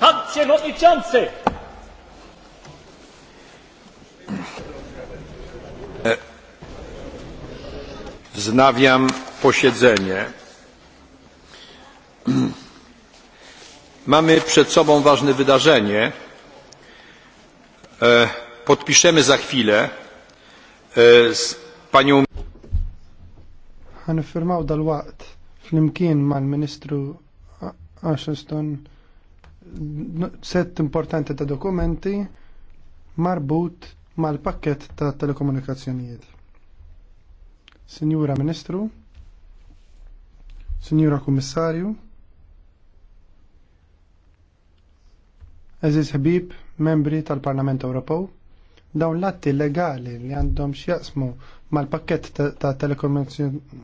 no i Przewodniczący! Wznawiam posiedzenie. Mamy przed sobą ważne wydarzenie. E, podpiszemy za chwilę e, z panią. Għanifirmaw dal-waqt fl mal-Ministru Ashton set importanti ta' dokumenti marbut mal-pakket ta' telekomunikazzjonijiet. Signora Ministru, Signora Kummissarju, Aziz ħbib, membri tal-Parlament Ewropew, dawn l-atti legali li għandhom x'jaqsmu mal-pakket ta' telekomunikazzjoni